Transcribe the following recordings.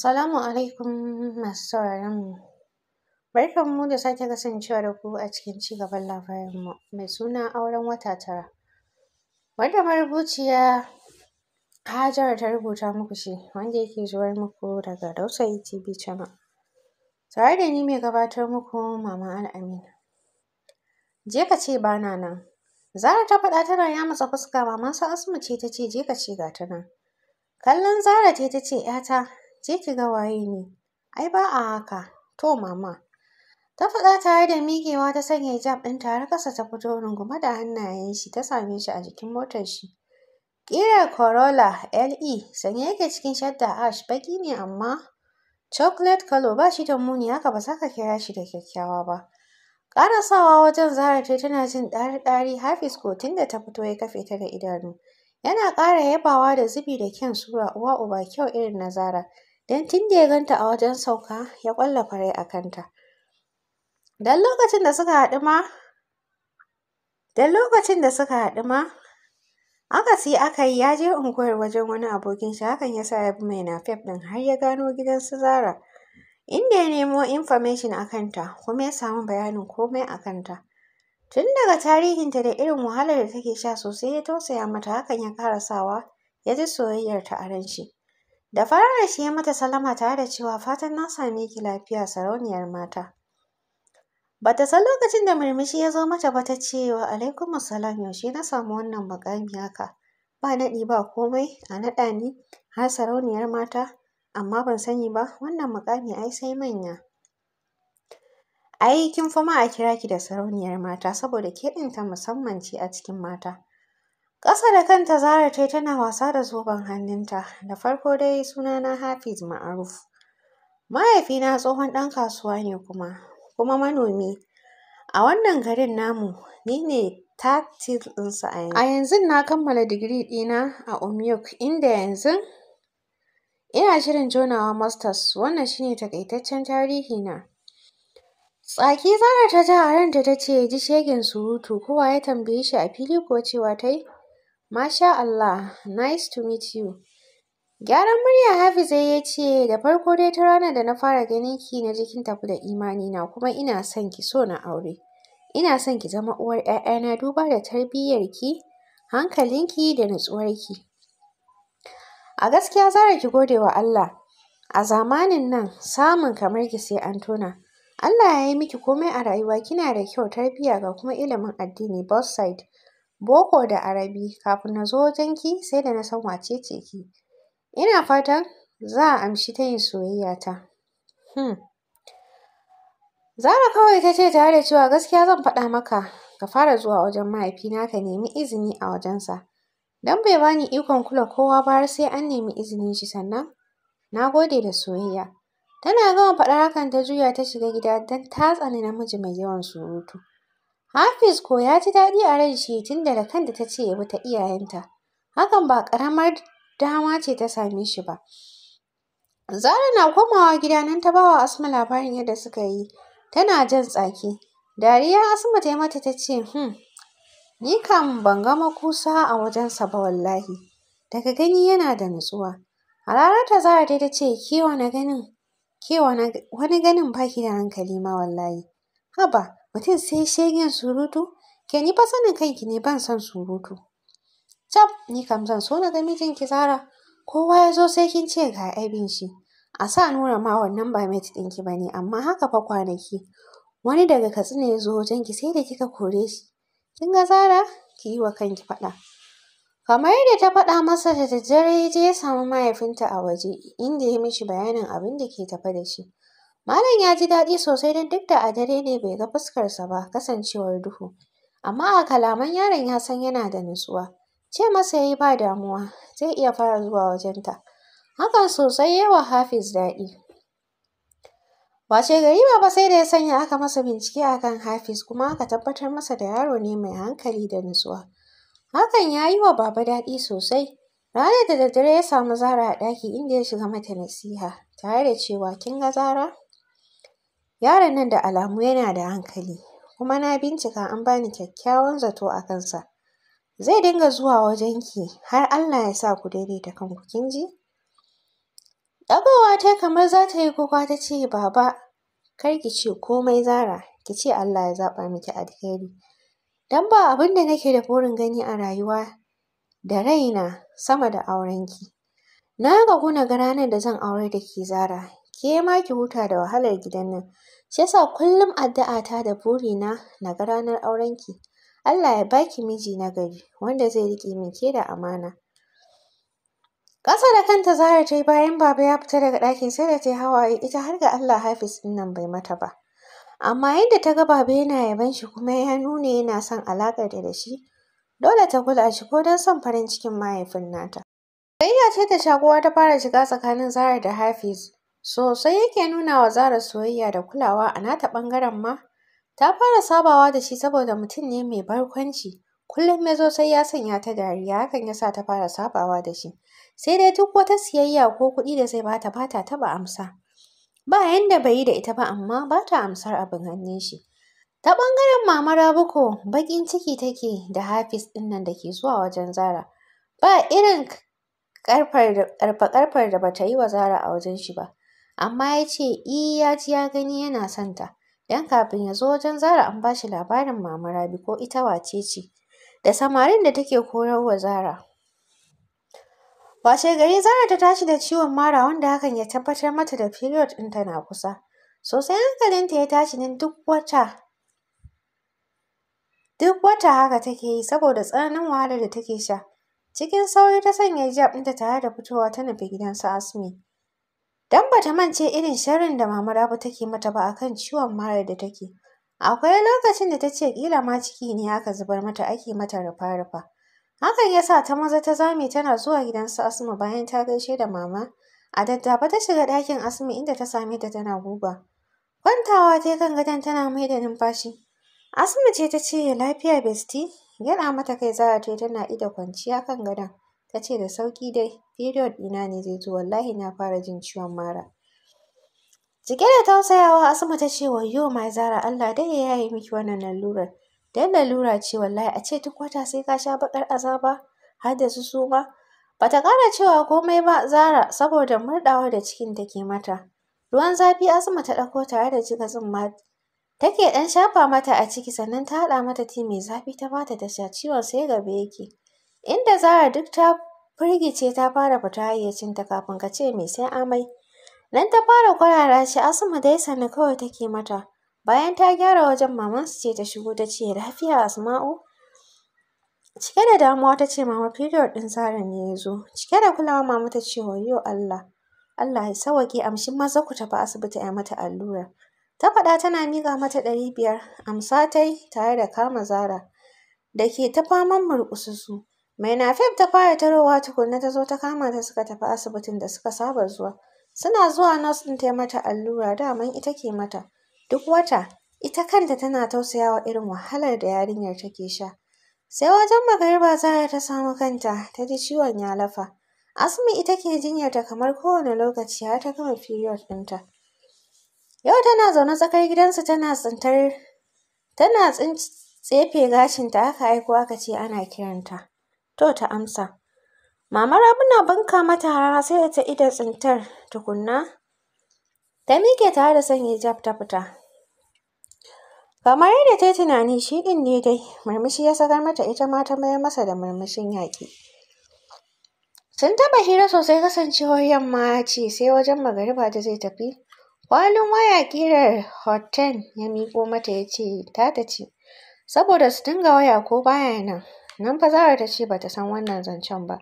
Salamu alaikum masu sauraron mu. Barkan mu da sake kasancewa da ku a cikin ci gaban labarin mu mai suna auren wata tara. Wanda marubuciya Hajara ta rubuta muku shi wanda yake zuwar muku daga Dausa TV Channel. Tare da ni mai gabatar muku Mama Al'amina. Je ka ce ba na nan. Zara ta faɗa tana ya matsa fuska maman su Asma ce ta ce je ka ce ga ta nan. Kallon Zara ce ta ce ‘yata je ki ga waye ne. Ai ba a haka, to mama. Ta faɗa tare da miƙewa ta sanya hijab ɗin tare ƙasa ta fito rungume da hannayen shi ta same shi a jikin motar shi. Ƙirar Corolla LE sanye yake cikin shadda ash baƙi ne amma chocolate color ba shi da muni haka ba za ka kira shi da kyakkyawa ba. Ƙara sawa wajen zara ta tana jin ɗari-ɗari Hafiz ko tunda ta fito ya kafe ta da idanu. Yana ƙara yabawa da zubi da kyan sura uwa uba kyau irin na Zara. don tun ya ganta a wajen sauka ya ƙwalla fare a kanta. Don lokacin da suka haɗu ma, don lokacin da suka haɗu ma, aka siyi aka yi ya je unguwar wajen wani abokin shi hakan ya sa ya bi mai nafef ɗin har ya gano gidan su Zara. Inda ya nemo information a kanta kuma ya samu bayanin komai a kanta. Tun daga tarihinta da irin wahalar da take sha sosai ya tausaya mata hakan ya ƙara sawa ya ji soyayyarta a ran Da fara shi ya mata salama tare da cewa fatan na same ki lafiya sarauniyar mata. Bata san lokacin da murmushi ya zo mata ba ta ce wa alaikum yaushe na samu wannan mukami haka. Ba naɗi ba komai a naɗa ni har sarauniyar mata amma ban sani ba wannan mukami ai sai manya. Ai kin fi a kira ki da sarauniyar mata saboda ke ɗin ta musamman ce a cikin mata. Ƙasa da kanta Zara ta tana wasa da zoben hannunta. Da farko dai na Hafiz Ma'aruf. Mahaifina tsohon ɗan kasuwa ne kuma, kuma manomi. A wannan garin namu, ni ne tatil ɗinsa a yanzu. A yanzu na kammala digiri ɗina a Umyuk, inda yanzu ina shirin jonawa masters. Wannan shine takaitaccen tarihi na. Tsaki Zara ta ji a ranta ta ce ya ji shegen surutu, kowa ya tambaye shi a fili ko cewa ta yi. Masha Allah, nice to meet you. Gyaran murya Hafiza ya ce, da farko dai ta ranar da na fara ganin ki na jikin tafi da imani na kuma ina son ki so na aure. Ina son ki zama uwar ‘ya'yana duba da tarbiyyar ki, hankalinki da natsuwarki. A gaskiya Zara ki gode wa Allah. A zamanin nan samun kamar ki sai an tona. Allah ya yi miki komai a rayuwa kina da kyau tarbiyya ga kuma ilimin addini both side. boko da arabi kafin na zo wajenki sai da na san wacece ki ina fatan za a amshi ta soyayya ta hmm zara kawai ta ce tare da cewa gaskiya zan faɗa maka ka fara zuwa wajen mahaifina ka nemi izini a wajensa don bai bani ikon kula kowa ba har sai an nemi izinin shi sannan na gode da soyayya tana gama faɗar hakan ta juya ta shiga gida don ta tsani namiji mai yawan surutu Hafiz ko ya ji daɗi a ran shi tun da kanda ta ce ya bi ta iyayenta. Hakan ba ƙaramar dama ce ta same shi ba. Zara na komawa gida nan ta bawa Asma labarin yadda suka yi. Tana jan tsaki. Dariya Asma ta yi mata ta ce, "Hmm, ni kam ban ga makusa a wajensa ba wallahi. Daga gani yana da nutsuwa." ta Zara dai ta ce, "Ke wani ganin, ke wani ganin ba ki da hankali ma wallahi." Haba, mutum sai shegen surutu ke ni fa sanin kanki ne ban son surutu cap ni kam zan so na ga mijinki zara kowa ya zo sai kin ce ga abin shi a sa nura ma wannan ba mate ɗinki ba ne amma haka fa kwanaki wani daga katsina ya zo ki sai da kika kore shi kin ga zara ki yi wa kanki faɗa kamar yadda ta faɗa masa da daddare ya je ya samu mahaifinta a waje inda ya mishi bayanin abin da ke tafe da shi Malam ya ji daɗi sosai don duk da a dare ne bai ga fuskarsa ba kasancewar duhu. Amma a kalaman yaron ya san yana da nutsuwa. Ce masa ya yi ba damuwa, zai iya fara zuwa wajenta. Hakan sosai ya wa Hafiz daɗi. Wace gari ba sai da ya sanya aka masa bincike a kan Hafiz kuma aka tabbatar masa da yaro ne mai hankali da nutsuwa. Hakan ya yi wa baba daɗi sosai. Ranar da daddare ya samu Zara a ɗaki inda ya shiga mata nasiha tare da cewa kin ga Zara? Yaron nan da alamu yana da hankali, kuma na bincika an bani kyakkyawan zato a kansa. Zai dinga zuwa wajenki har Allah ya sa ku daidaita kanku kin ji? Ɗagowa ta kamar za ta yi kuka ta ce, Baba, kar ki ce komai Zara, ki ce Allah ya zaɓa miki alheri. Don ba abin da nake da burin gani a rayuwa da raina sama da aurenki. Na ga na ga ranar da zan aure da ke Zara, ke ma ki huta da wahalar gidan nan. Shi yasa kullum addu'ata da burina na ga ranar aurenki. Allah ya baki miji na gari wanda zai riƙe min ke da amana. Ƙasa da kanta Zahra ta yi bayan baba ya fita daga ɗakin sai da ta yi hawaye ita har ga Allah Hafiz ɗin nan bai mata ba. Amma yadda ta ga baba yana yaban shi kuma ya nuna yana son alaƙar da da shi, dole ta kula shi ko don son farin cikin mahaifin nata. ya ce da shaguwa ta fara shiga tsakanin Zahra da Hafiz. sosai yake nuna wa Zara soyayya da kulawa a nata ɓangaren ma. Ta fara sabawa da shi saboda mutum ne mai barkwanci, kullum ya zo sai ya sanya ta dariya hakan ya sa ta fara sabawa da shi. Sai dai duk wata siyayya ko kuɗi da zai bata ba ta taɓa amsa. Ba yanda bai yi da ita ba amma ba ta amsar abin hannun shi. Ta ɓangaren Mama Rabuko baƙin ciki take da Hafiz ɗin nan da ke zuwa wajen Zara. Ba irin ƙarfar da bata yi wa Zara a wajen shi ba. amma ya ce iya e, ya ji ya gani yana son ta. Dan kafin ya zo wajen Zara an ba shi labarin Mama Rabi ko ita wace ce da samarin da take korar wa Zara. Washe gari Zara ta tashi da ciwon mara wanda hakan ya tabbatar mata da period ta na kusa. Sosai hankalinta ya tashi ne duk wata duk wata haka take yi saboda tsananin wahalar da take sha. Cikin sauri ta sanya hijab ɗinta tare da fitowa ta nufi gidan su Asmi. Don ba ta mance irin sharrin da Mama Rabi take mata ba a kan ciwon mara da take. Akwai lokacin da ta ce ƙila ma ciki ne aka zubar mata ake mata rufa-rufa. Hakan ya sa ta maza ta zame tana zuwa gidan su Asma bayan ta gaishe da mama. A daddafa ta shiga ɗakin Asma inda ta same ta tana guga. Kwantawa ta kan gadon tana mai da numfashi. Asma ce ta ce lafiya besti? Gyaɗa mata kai Zara ta tana ida kwanciya kan gadon. Ta ce da sauƙi dai. period ɗina ne zai zo wallahi na fara jin ciwon mara. Cike da tausayawa Asma ta ce wa ma zara Allah dai ya yi miki wannan lalurar. Dan lalura ce wallahi a ce duk wata sai ka sha bakar azaba har da su suma. Bata kara cewa komai ba Zara saboda murdawa da cikin take mata. Ruwan zafi Asma ta ɗauko tare da jiga tsumma take ɗan shafa mata a ciki sannan ta haɗa mata ti mai zafi ta bata ta sha ciwon sai gaba yake. Inda Zara duk ta firgice ta fara fita hayyacinta kafin ka ce me sai amai. Nan ta fara kwarara shi Asma dai sannu kawai take mata. Bayan ta gyara wajen mamansu ce ta shigo ta ce lafiya Asma'u. Cike da damuwa ta ce mama period ɗin Zara ne ya zo. Cike da kulawa mama ta ce wayyo Allah. Allah ya sawwaƙe amshin maza ku tafi asibiti a mata allura. Ta faɗa tana miƙa mata ɗari biyar amsa ta yi tare da kama Zara da ke ta faman murƙususu. mai Mainafef ta fara tarowa tukunna ta zo ta kama ta suka tafi asibitin da suka saba zuwa. Suna zuwa nurse ɗin ta yi mata allura daman ita ke mata. Duk wata ita kanta tana tausayawa irin wahalar da yarinyar take sha. Sai wajen magariba Zara ta samu kanta ta ji ciwon ya lafa. Asmi ita ke jinyarta kamar kowane lokaci har ta gama period ɗinta. Yau tana zaune tsakar gidansu tana tsintar tana tsefe gashinta haka aiko aka ce ana kiranta. To ta amsa. Mama Rabina banka mata harara sai da ta ida tsintar tukunna. Ta miƙe tare da sanya hijab ta fita. Kamar yadda ta yi tunani shi ɗin ne dai murmushi ya sakar mata ita ma ta mayar masa da murmushin yaƙi. Sun taɓa hira sosai kasancewar yamma ya ce sai wajen magariba da zai tafi. Kwalin waya ƙirar Hoten ya miƙo mata ya ce ta ta ce saboda su dinga waya ko baya nan. Nan fa Zahra ta ce ba ta san wannan zancen ba.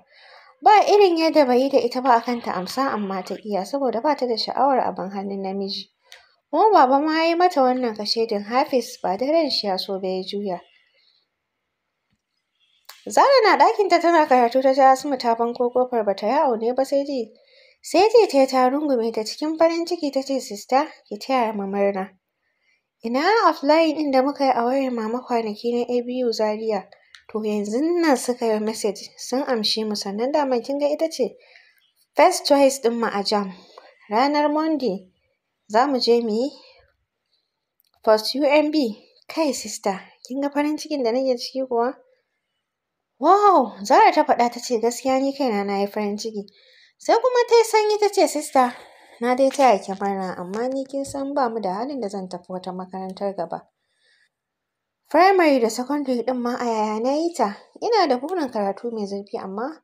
Ba irin yadda bai yi da ita ba akan ta amsa amma ta iya saboda ba ta da sha'awar abin hannun namiji. Kuma baba ma ya yi mata wannan kashedin Hafiz ba da ran shi ya so ba ya juya. Zara na ɗakinta tana karatu ta ji Asma ta banko ƙofar ba ta yi aune ba sai ji sai ji ta ta rungume ta cikin farin ciki ta ce sista ki taya mu murna. Ina offline ɗin da muka yi a wayar mama kwanaki na ABU Zaria. to yanzun nan suka yi message sun amshe mu sannan dama kin ga ita ce first choice ɗin mu a jam ranar monday za mu je mu yi first UMB kai sister kin ga farin cikin da nake ciki kuwa wow Zara ta faɗa ta ce gaskiya ni kaina na yi farin ciki sai kuma ta yi sanyi ta ce sister na dai taya ki murna amma ni kin san ba mu da halin da zan tafi wata makarantar gaba Firamare da sakandare ɗin ma a yaya na yi ta. Ina da burin karatu mai zurfi amma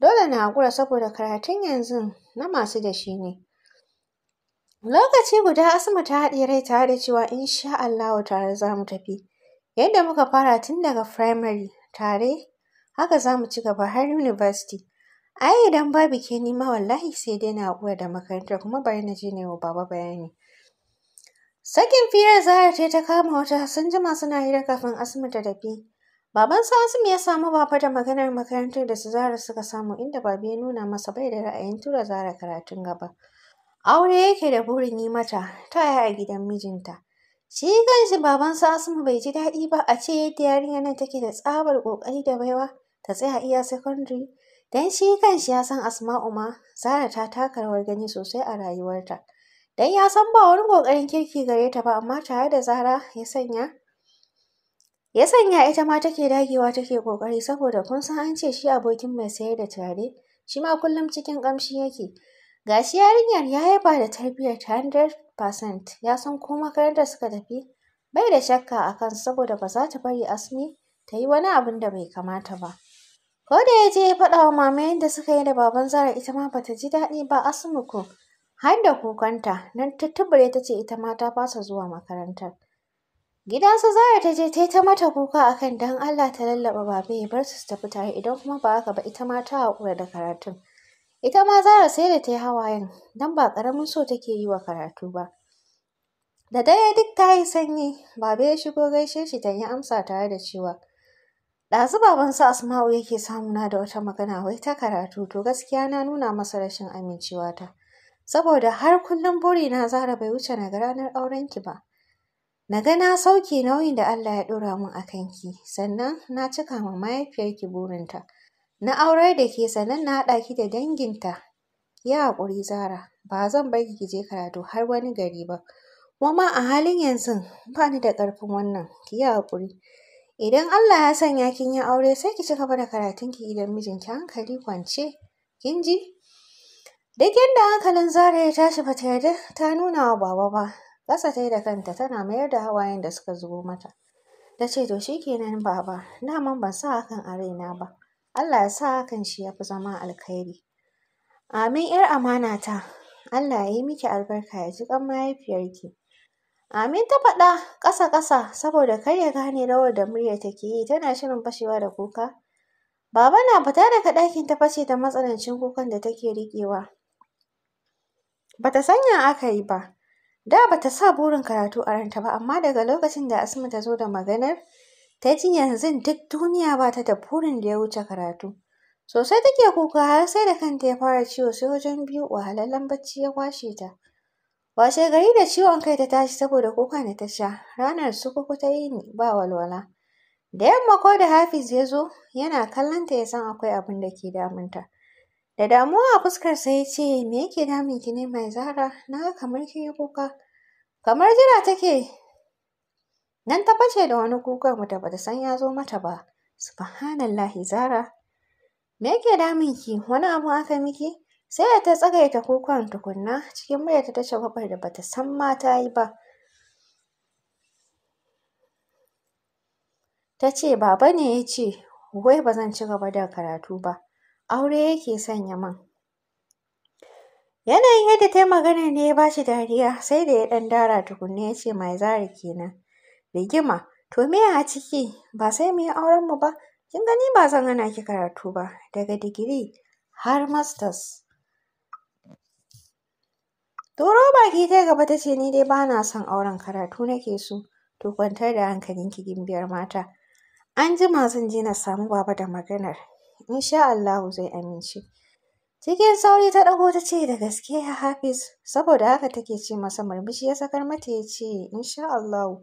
dole na haƙura saboda karatun yanzu na masu da shi ne. Lokaci guda Asma ta haɗe rai tare da cewa in insha Allahu tare za mu tafi. Yadda muka fara tun daga firamare tare haka za mu ci gaba har university. Ai idan babu ke nima wallahi sai dai na haƙura da makaranta kuma bari na je na wa baba bayani. Sakin firar Zarah ta ta kama wata sun jima suna hira kafin Asma ta tafi. Baban su Asma ya samu baba da maganar makarantar da su zara suka samu inda babu ya nuna masa bai da ra'ayin tura Zarah karatun gaba. Aure yake da burin yi mata ta yaya a gidan mijinta. Shi kanshi baban su Asma bai ji daɗi ba a ce yadda yarinyar nan take da tsabar ƙoƙari da baiwa ta tsaya iya secondary. Dan shi kanshi ya san Asma'u ma Zarah ta taka rawar gani sosai a rayuwarta. Dan ya san ba wani ƙoƙarin kirki gare ta ba amma tare da Zara ya sanya ya sanya ita ma take dagewa take ƙoƙari saboda kun san an ce shi abokin mai sayar da tare, shi ma kullum cikin ƙamshi yake. Ga shi yarinyar ya ba da tarbiyyar ta 100% ya san ko makarantar suka tafi bai da shakka a kan saboda ba za ta bari Asmi ta yi wani abin da bai kamata ba. Ko da ya je ya faɗa wa mama yadda suka yi da baban Zara ita ma ba ta ji daɗi ba Asmi ko har da kukanta don tuttuɓure ta ce ita ma ta fasa zuwa makarantar. Gidan su Zara ta je ta yi ta mata kuka a kan don Allah ta lallaɓa baba ya bar su su tafi tare idan kuma ba haka ba ita mata ta haƙura da karatun. Ita ma Zara sai da ta yi hawayen don ba ƙaramin so take yi wa karatu ba. Da daya duk ta yi sanyi, baba ya shigo gaishe shi don ya amsa tare da cewa ɗazu baban su Asma'u yake samuna da wata magana wai ta karatu to gaskiya na nuna masa rashin amincewa ta. saboda har kullum burina Zara bai wuce na ga ranar aurenki ba. Na ga na sauke nauyin da Allah ya ɗora min a kanki, sannan na cika ma mahaifiyarki burinta. Na aurar da ke sannan na haɗa ki da danginta. Ki haƙuri Zara, ba zan bar ki je karatu har wani gari ba. Kuma a halin yanzu ba ni da ƙarfin wannan, ki yi haƙuri. Idan Allah ya sanya kin yi aure sai ki cika gaba da karatunki idan mijinki hankali kwance. Kin ji? Duk yadda hankalin Zara ya tashi ba ta yarda ta nuna wa baba ba, ƙasa ta yi da kanta tana mayar da hawayen da suka zubo mata. Ta ce to shi kenan baba, naman ban sa hakan a raina ba, Allah ya sa hakan shi ya fi zama alkhairi. Amin ‘yar amana ta, Allah ya yi miki albarka ya ji ƙan mahaifiyarki. Amin ta faɗa ƙasa-ƙasa saboda kar ya gane rawar da murya take yi tana shirin fashewa da kuka. Baba na fita daga ɗakin ta fashe ta matsanancin kukan da take riƙewa. Ba ta sanya aka yi ba. Da ba ta sa burin karatu a ranta ba, amma daga lokacin da Asma ta zo da maganar, ta ji yanzu duk duniya ba ta da burin da ya wuce karatu. Sosai take kuka har sai da kanta ya fara ciwo sai wajen biyu wahalallen bacci ya kwashe ta. Washe gari da ciwon kai ta tashi saboda kukan da ta sha, ranar su sukuku ta yi ni ba walwala. Da yamma ko da Hafiz ya zo, yana kallonta ya san akwai abin da ke damunta. Da damuwa a fuskarsa ya ce, Me yake damun ki ne mai zara? Na kamar kin yi kuka. Kamar jira take. Nan ta bace da wani kukan da bata san ya zo mata ba. Subhanallahi zara. Me yake damun ki? Wani abu aka miki? Sai da ta tsagaita kukan tukunna cikin murya ta ce gwabar da bata san ma ta yi ba. Ta ce, Baba ne ya ce, wai ba zan ci gaba da karatu ba. aure yake sanya man Yanayin yadda ta yi maganar ne ya bashi shi dariya sai da ya ɗan dara tukunna ya ce mai zari kenan. Rigima, to me a ciki ba sai mu yi mu ba, kin gani ba zan hana ki karatu ba daga digiri har masters. toro baki ta gaba ta ce ni dai ba na son auren karatu nake so, to kwantar da hankalinki gimbiyar mata. An jima zan je na samu baba da maganar. in Allahu zai amince. Cikin sauri ta ɗago ta ce da gaske ya Hafiz, saboda haka take ce masa murmushi ya sakar mata ya ce in Allahu.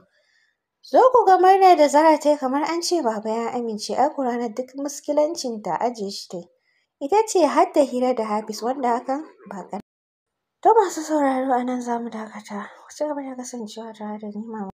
Zo ku ga murnar da Zara ta yi kamar an ce baba ya amince ai ku ranar duk muskilancin ta aje shi ta Ita ce har da hira da Hafiz wanda hakan ba ƙarfi. To masu sauraro a nan za mu dakata. Ku ci gaba da kasancewa tare da ni